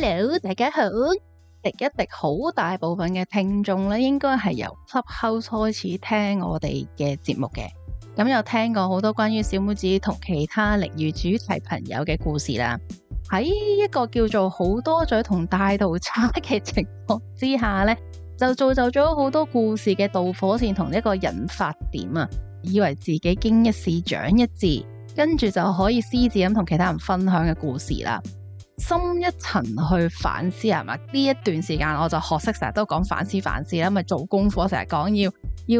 Hello，大家好。廸一廸好大部分嘅聽眾咧，應該係由 Clubhouse 開始聽我哋嘅節目嘅。咁、嗯、又聽過好多關於小妹子同其他靈異主題朋友嘅故事啦。喺一個叫做好多嘴同大道差嘅情況之下呢，就造就咗好多故事嘅導火線同一個引發點啊。以為自己經一事長一智，跟住就可以私自咁同其他人分享嘅故事啦。深一層去反思係嘛？呢一段時間我就學識成日都講反思反思啦，因為做功課，成日講要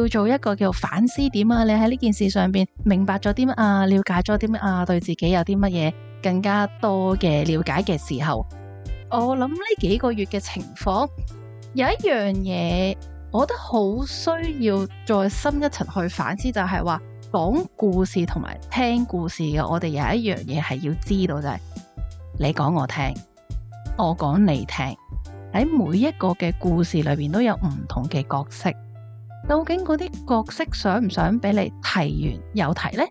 要做一個叫反思點啊！你喺呢件事上邊明白咗啲乜啊，了解咗啲乜啊，對自己有啲乜嘢更加多嘅了解嘅時候，我諗呢幾個月嘅情況有一樣嘢，我覺得好需要再深一層去反思，就係話講故事同埋聽故事嘅，我哋有一樣嘢係要知道就係。你講我聽，我講你聽。喺每一個嘅故事裏邊都有唔同嘅角色，究竟嗰啲角色想唔想俾你提完又提呢？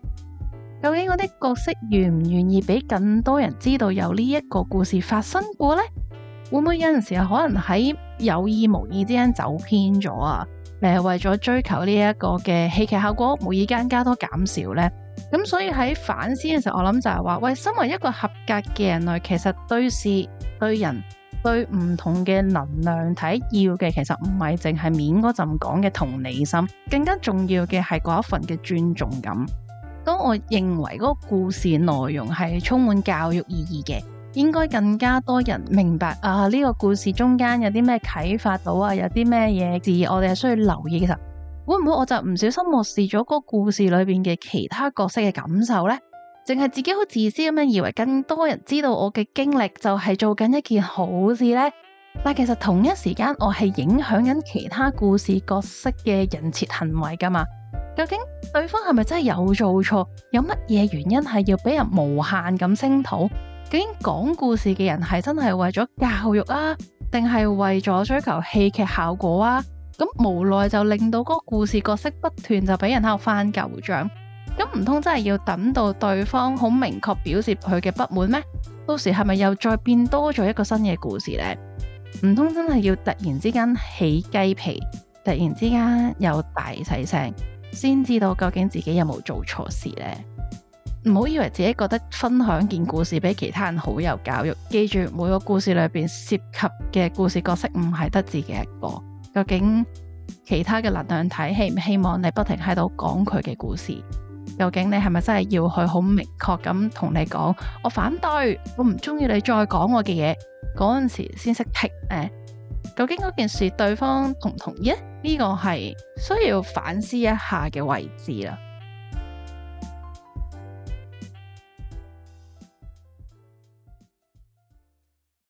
究竟嗰啲角色願唔願意俾更多人知道有呢一個故事發生過呢？會唔會有陣時候可能喺有意無意之間走偏咗啊？你係，為咗追求呢一個嘅戲劇效果，無意間加多減少呢？咁、嗯、所以喺反思嘅時候，我諗就係話，喂，身為一個合格嘅人類，其實對事、對人、對唔同嘅能量體要嘅，其實唔係淨係面嗰陣講嘅同理心，更加重要嘅係嗰一份嘅尊重感。咁我認為嗰個故事內容係充滿教育意義嘅，應該更加多人明白啊呢、這個故事中間有啲咩啟發到啊，有啲咩嘢字我哋係需要留意嘅。會唔會我就唔小心漠視咗嗰個故事裏邊嘅其他角色嘅感受呢？淨係自己好自私咁樣以為更多人知道我嘅經歷就係做緊一件好事呢。但其實同一時間我係影響緊其他故事角色嘅人設行為噶嘛。究竟對方係咪真係有做錯？有乜嘢原因係要俾人無限咁聲討？究竟講故事嘅人係真係為咗教育啊，定係為咗追求戲劇效果啊？咁無奈就令到嗰個故事角色不斷就俾人喺度翻舊賬，咁唔通真係要等到對方好明確表示佢嘅不滿咩？到時係咪又再變多咗一個新嘅故事呢？唔通真係要突然之間起雞皮，突然之間又大細聲，先知道究竟自己有冇做錯事呢？唔好以為自己覺得分享件故事俾其他人好有教育，記住每個故事裏邊涉及嘅故事角色唔係得自己一個。究竟其他嘅能量體希唔希望你不停喺度講佢嘅故事？究竟你係咪真係要去好明確咁同你講？我反對，我唔中意你再講我嘅嘢。嗰陣時先識停。誒，究竟嗰件事對方同唔同意呢？呢個係需要反思一下嘅位置啦。